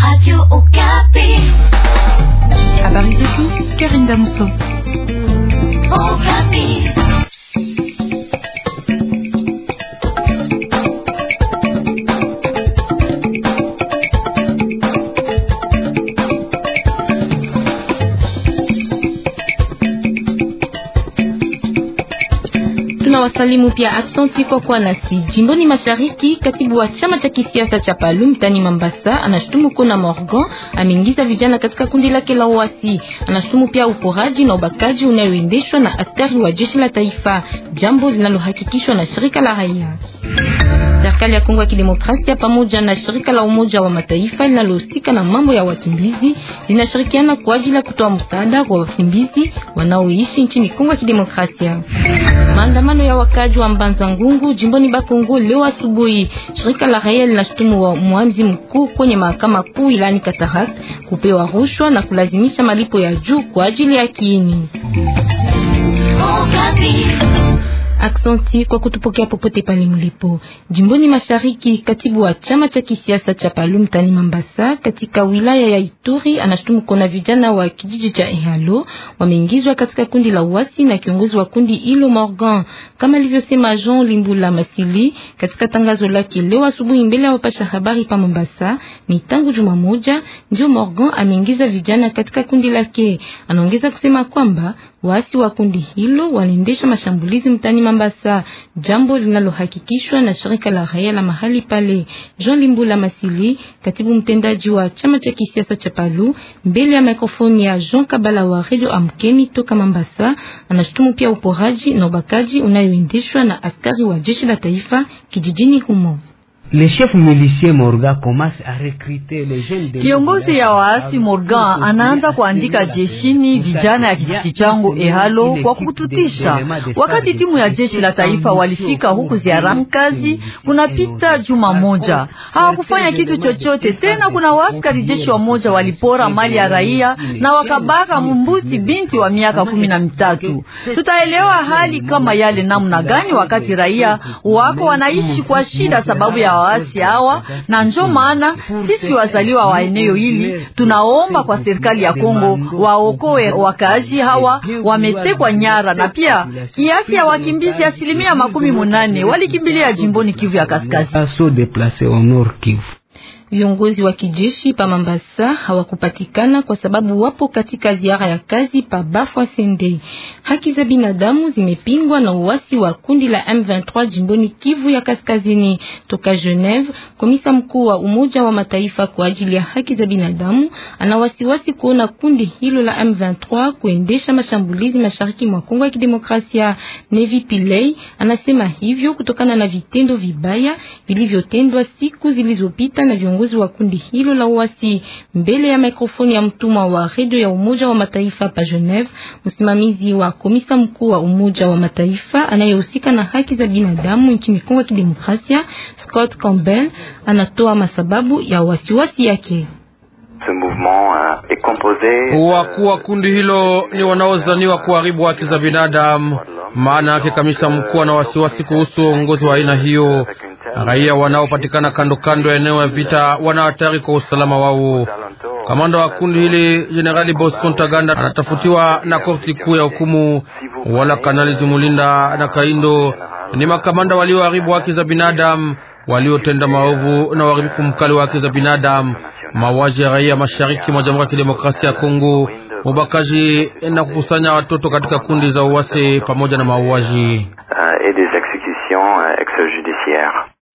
Radio Okapi. de tout, Karine Damousseau Okapi. tunawasalimu pia. Asante kwa kuwa nasi. Jimboni Mashariki, katibu wa chama cha kisiasa cha Palu mtani Mambasa anashutumu Kona Morgan ameingiza vijana katika kundi lake la uasi. Anashutumu pia uporaji na ubakaji unayoendeshwa na askari wa jeshi la taifa, jambo linalohakikishwa na shirika la raia. Serikali ya Kongo ya Kidemokrasia pamoja na shirika la Umoja wa Mataifa linalohusika na mambo ya wakimbizi linashirikiana kwa ajili ya kutoa msaada kwa wakimbizi wanaoishi nchini Kongo ya Kidemokrasia. Maandamano ya wakaji wa Mbanza Ngungu jimboni Bakongo leo asubuhi. Shirika la raia linashutumu wa mwamzi mkuu kwenye mahakama kuu ilani Katarak kupewa rushwa na kulazimisha malipo ya juu kwa ajili ya kiini. Oh, Aksanti kwa kutupokea popote pale mlipo. Jimboni Mashariki, katibu wa chama cha kisiasa cha Palum tani Mambasa katika wilaya ya Ituri anashutumu kuna vijana wa kijiji cha Ehalo wameingizwa katika kundi la uasi na kiongozi wa kundi hilo Morgan, kama alivyosema Jean Limbula Masili katika tangazo lake leo asubuhi mbele ya wapasha habari pa Mombasa. Ni tangu juma moja ndio Morgan ameingiza vijana katika kundi lake. Anaongeza kusema kwamba Waasi wa kundi hilo waliendesha mashambulizi mtani Mambasa, jambo linalohakikishwa na shirika la raia la mahali pale. Jean Limbula Masili, katibu mtendaji wa chama cha kisiasa cha Palu, mbele ya mikrofoni ya Jean Kabala wa Radio Amkeni toka Mambasa, anashutumu pia uporaji na ubakaji unayoendeshwa na askari wa jeshi la taifa kijijini humo. Kiongozi ya waasi Morgan anaanza kuandika jeshini vijana ya kijiji changu Ehalo kwa kututisha. Wakati timu ya jeshi la taifa walifika huku ziarani kazi, kunapita juma moja, hawakufanya kitu chochote tena. Kuna waaskari jeshi wa moja walipora mali ya raia na wakabaka mumbuzi binti wa miaka kumi na mitatu. Tutaelewa hali kama yale namna gani wakati raia wako wanaishi kwa shida sababu ya waasi hawa, na njo maana sisi wazaliwa wa eneo hili tunaomba kwa serikali ya Kongo waokoe wakaaji hawa, wametekwa nyara, na pia kiasi ya wakimbizi asilimia makumi munane walikimbilia jimboni Kivu ya Kaskazini. Viongozi wa kijeshi pa Mambasa hawakupatikana kwa sababu wapo katika ziara ya kazi pa Bafwa Sende. Haki za binadamu zimepingwa na uasi wa kundi la M23 jimboni Kivu ya Kaskazini. Toka Geneve, komisa mkuu wa Umoja wa Mataifa kwa ajili ya haki za binadamu ana wasiwasi kuona kundi hilo la M23 kuendesha mashambulizi mashariki mwa Kongo ya Kidemokrasia. Nevi Pilei anasema hivyo kutokana na vitendo vibaya vilivyotendwa siku zilizopita na viongozi kiongozi wa kundi hilo la uasi mbele ya mikrofoni ya mtumwa wa redio ya Umoja wa Mataifa pa Geneve. Msimamizi wa komisa mkuu wa Umoja wa Mataifa anayehusika na haki za binadamu nchini Kongo ya Kidemokrasia, Scott Campbell, anatoa masababu ya wasiwasi wasi yake euh, euh, kuwa kundi hilo ni wanaozaniwa kuharibu haki za binadamu. Maana yake kamisa mkuu ana wasiwasi kuhusu uongozi wa aina hiyo. Raia wanaopatikana kando kando ya eneo ya vita wana hatari kwa usalama wao. Kamanda wa kundi hili Jenerali Bosco Ntaganda anatafutiwa na korti kuu ya hukumu, wala Kanali Zumulinda na Kaindo ni makamanda walioharibu haki za binadamu, waliotenda maovu na uharibifu mkali wa haki za binadamu, mauaji ya raia mashariki mwa Jamhuri ya Kidemokrasia ya Kongo, ubakaji na kukusanya watoto katika kundi za uasi pamoja na mauaji. Euh,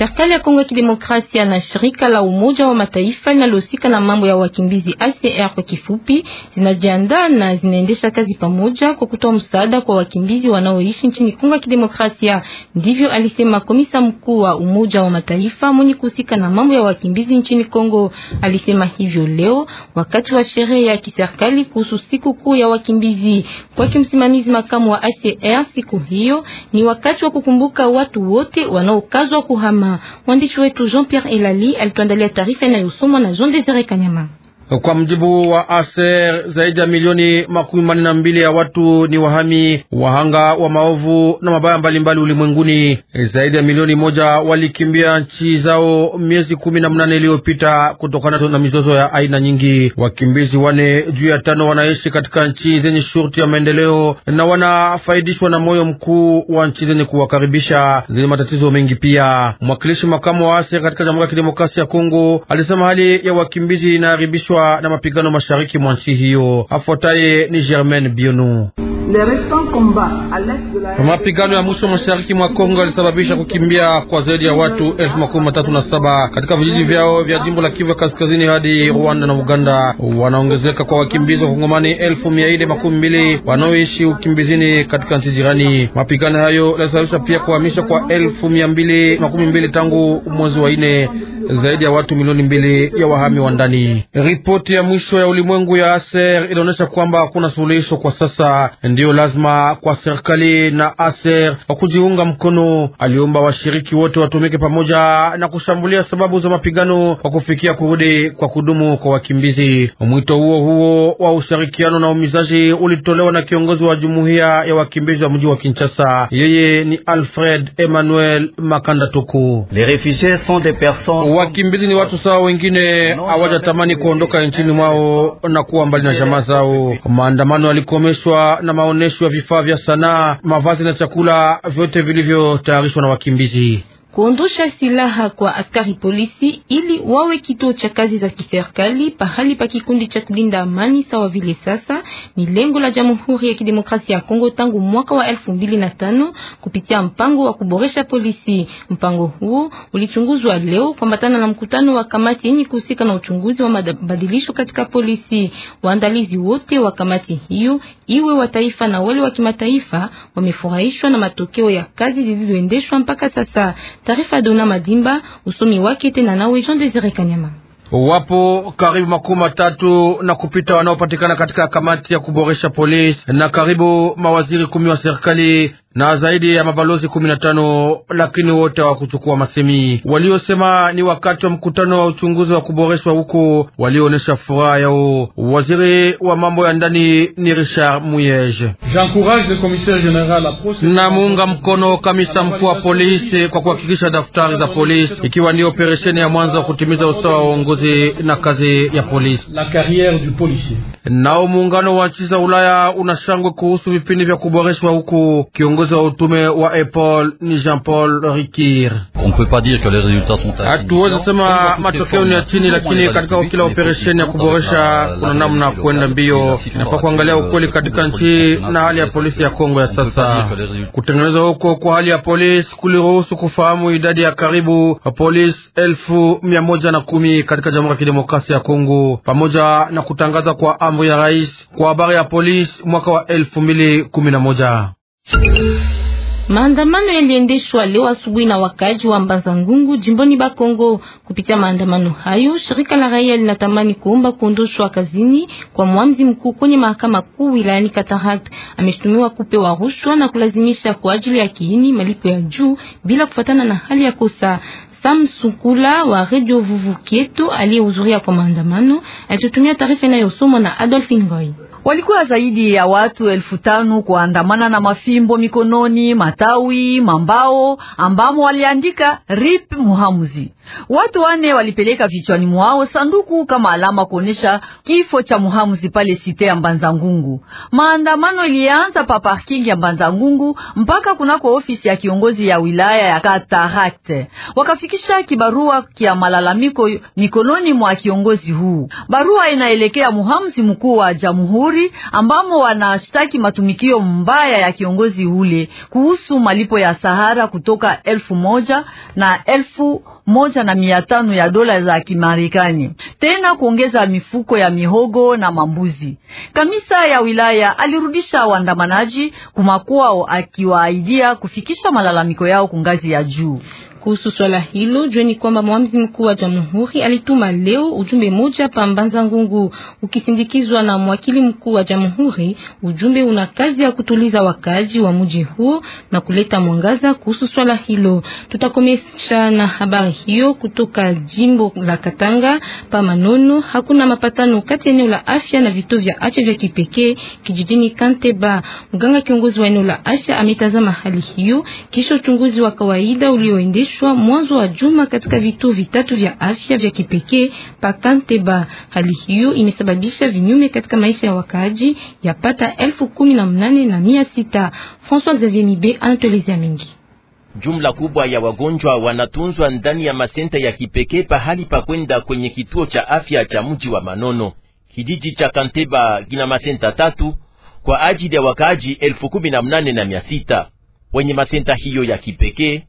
Serikali ya Kongo ya Kidemokrasia na shirika la Umoja wa Mataifa linalohusika na mambo ya wakimbizi ICR kwa kifupi, zinajiandaa na zinaendesha kazi pamoja kwa kutoa msaada kwa wakimbizi wanaoishi nchini Kongo ya Kidemokrasia. Ndivyo alisema komisa mkuu wa Umoja wa Mataifa mwenye kuhusika na mambo ya wakimbizi nchini Kongo. Alisema hivyo leo wakati wa sherehe ya kiserikali kuhusu siku kuu ya wakimbizi. Kwa kimsimamizi makamu wa ICR, siku hiyo ni wakati wa kukumbuka watu wote wanaokazwa kuhama Mwandishi wetu Jean Pierre Elali alituandalia taarifa inayosomwa na Jean Desire Kanyama. Kwa mjibu wa ASER, zaidi ya milioni makumi manne na mbili ya watu ni wahami wahanga wa maovu na mabaya mbalimbali ulimwenguni. E, zaidi ya milioni moja walikimbia nchi zao miezi kumi na mnane iliyopita kutokana na mizozo ya aina nyingi. Wakimbizi wane juu ya tano wanaishi katika nchi zenye shurti ya maendeleo na wanafaidishwa na moyo mkuu wa nchi zenye kuwakaribisha zenye matatizo mengi pia. Mwakilishi makamu wa ASER katika Jamhuri ya Kidemokrasia ya Kongo alisema hali ya wakimbizi inaharibishwa kuchochewa na mapigano mashariki mwa nchi hiyo. Afuataye ni Germain Bionu. Mapigano ya mwisho mashariki mwa Kongo yalisababisha kukimbia kwa zaidi ya watu elfu makumi matatu na saba katika vijiji vyao vya jimbo la Kivu Kaskazini hadi Rwanda na Uganda. Wanaongezeka kwa wakimbizi wa Kongomani elfu mia ine makumi mbili wanaoishi ukimbizini katika nchi jirani. Mapigano hayo yalisababisha pia kuhamisha kwa elfu mia mbili makumi mbili tangu mwezi wa ine zaidi ya watu milioni mbili ya wahami wa ndani. Ripoti ya mwisho ya ulimwengu ya ASER inaonyesha kwamba hakuna suluhisho kwa sasa, ndiyo lazima kwa serikali na ASER wa kujiunga mkono. Aliomba washiriki wote watumike pamoja na kushambulia sababu za mapigano kwa kufikia kurudi kwa kudumu kwa wakimbizi. Mwito huo huo wa ushirikiano na umizaji ulitolewa na kiongozi wa jumuiya ya wakimbizi wa mji wa Kinshasa. Yeye ni Alfred Emmanuel Makanda wakimbizi ni watu sawa wengine hawajatamani kuondoka nchini mwao na kuwa mbali na jamaa zao. Maandamano yalikomeshwa na maonyesho ya vifaa vya sanaa, mavazi na chakula, vyote vilivyotayarishwa na wakimbizi kuondosha silaha kwa askari polisi ili wawe kituo cha kazi za kiserikali pahali pa kikundi cha kulinda amani sawa vile sasa ni lengo la Jamhuri ya Kidemokrasia ya Kongo tangu mwaka wa elfu mbili na tano kupitia mpango wa kuboresha polisi. Mpango huo ulichunguzwa leo kuambatana na mkutano wa kamati yenye kuhusika na uchunguzi wa mabadilisho katika polisi. Waandalizi wote wa kamati hiyo, iwe wa taifa na wale wa kimataifa, wamefurahishwa na matokeo ya kazi zilizoendeshwa mpaka sasa. Taarifa ya Dona Madimba, usomi wake tena nawe Jean Desire Kanyama. Wapo karibu makumi matatu na kupita wanaopatikana katika kamati ya kuboresha polisi na karibu mawaziri kumi wa serikali na zaidi ya mabalozi kumi na tano lakini wote hawakuchukua masemi. Waliosema ni wakati wa mkutano wa uchunguzi wa kuboreshwa huko, walioonyesha furaha yao. Waziri wa mambo ya ndani ni Richard Muyege namuunga mkono kamisa mkuu wa polisi kwa kuhakikisha daftari za polisi, ikiwa ni operesheni ya mwanzo wa kutimiza usawa wa uongozi na kazi ya polisi. Nao muungano wa nchi za Ulaya una shangwe kuhusu vipindi vya kuboreshwa huko kiongozi wa utume wa EPOL ni Jean Paul Rikir. Hatuwezi sema matokeo ni ya chini, lakini katika kila operesheni ya kuboresha kuna namna kwenda mbio, inafaa kuangalia ukweli katika nchi na hali ya polisi ya Kongo ya sasa. Kutengeneza huko kwa hali ya polisi kuliruhusu kufahamu idadi ya karibu polisi elfu mia moja na kumi katika Jamhuri ya Kidemokrasia ya Kongo, pamoja na kutangaza kwa amri ya rais kwa habari ya polisi mwaka wa elfu mbili kumi na moja. Maandamano yaliendeshwa leo asubuhi na wakaaji wa Mbanza Ngungu jimboni Bakongo. Kupitia maandamano hayo, shirika la raia linatamani kuomba kuondoshwa kazini kwa mwamzi mkuu kwenye mahakama kuu wilayani Katahat. Ameshtumiwa kupewa rushwa na kulazimisha kwa ajili ya kiini malipo ya juu bila kufatana na hali ya kosa. Sam Sukula wa Radio Vuvu Kieto aliyehudhuria kwa maandamano alitumia taarifa inayosomwa na Adolphe Ngoy. Walikuwa zaidi ya watu elfu tano kuandamana na mafimbo mikononi, matawi, mambao ambamo waliandika rip Muhamuzi. Watu wane walipeleka vichwani mwao sanduku kama alama kuonyesha kifo cha Muhamuzi pale site ya Mbanza Ngungu. Maandamano ilianza pa parking ya Mbanza Ngungu mpaka kunako ofisi ya kiongozi ya wilaya ya Katarakte, wakafikisha kibarua kya malalamiko mikononi mwa kiongozi huu. Barua inaelekea Muhamuzi mkuu wa jamhuri Jamhuri ambamo wanashtaki matumikio mbaya ya kiongozi ule kuhusu malipo ya sahara kutoka elfu moja na elfu moja na mia tano ya dola za Kimarekani, tena kuongeza mifuko ya mihogo na mambuzi. Kamisa ya wilaya alirudisha waandamanaji kumakwao, akiwaaidia kufikisha malalamiko yao kungazi ya juu. Kuhusu swala hilo, jueni kwamba mwamzi mkuu wa jamhuri alituma leo ujumbe moja pa Mbanza Ngungu ukisindikizwa na mwakili mkuu wa jamhuri. Ujumbe una kazi ya kutuliza wakazi wa mji huo na kuleta mwangaza kuhusu swala hilo. Tutakomesha na habari hiyo kutoka jimbo la Katanga. Pa Manono hakuna mapatano kati ya eneo la afya na vituo vya afya vya kipekee kijijini Kanteba. Mganga kiongozi wa eneo la afya ametazama hali hiyo kisha uchunguzi wa kawaida ulioendeshwa kukomeshwa mwanzo wa juma katika vituo vitatu vya afya vya kipekee Pakanteba. Hali hiyo imesababisha vinyume katika maisha ya wakaaji yapata elfu kumi na mnane na mia sita. François Xavier Mibe anatuelezea mengi. Jumla kubwa ya wagonjwa wanatunzwa ndani ya masenta ya kipekee pahali pa kwenda kwenye kituo cha afya cha mji wa Manono. Kijiji cha Kanteba kina masenta tatu kwa ajili ya wakaaji elfu kumi na mnane na mia sita wenye masenta hiyo ya kipekee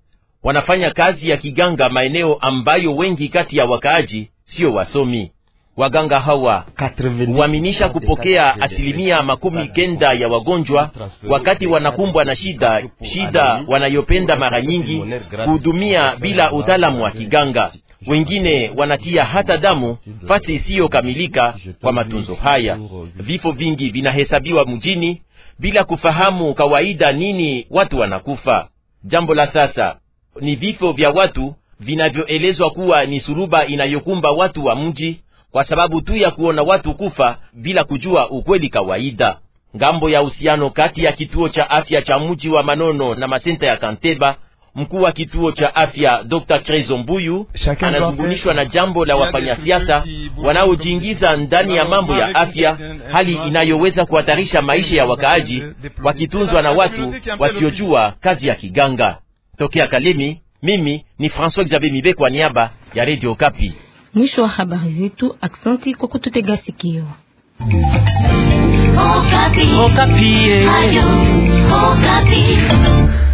wanafanya kazi ya kiganga maeneo ambayo wengi kati ya wakaaji siyo wasomi. Waganga hawa huaminisha kupokea asilimia makumi kenda ya wagonjwa wakati wanakumbwa na shida shida wanayopenda mara nyingi kuhudumia bila utaalamu wa kiganga. Wengine wanatia hata damu fasi isiyokamilika kwa matunzo haya. Vifo vingi vinahesabiwa mjini bila kufahamu kawaida nini watu wanakufa. Jambo la sasa ni vifo vya watu vinavyoelezwa kuwa ni suruba inayokumba watu wa mji kwa sababu tu ya kuona watu kufa bila kujua ukweli kawaida. Ngambo ya uhusiano kati ya kituo cha afya cha mji wa Manono na masenta ya Kanteba, mkuu wa kituo cha afya Dr. Trezo Mbuyu anazungunishwa na jambo la wafanyasiasa wanaojiingiza ndani ya mambo ya afya, hali inayoweza kuhatarisha maisha ya wakaaji wakitunzwa na watu wasiojua kazi ya kiganga tokea Kalemi. Mimi ni François Xavier Mibe kwa niaba ya Radio Kapi. Mwisho wa habari zetu. Aksanti kwa kututega sikio. Okapi. Okapi. Eh. Ayo. Okapi.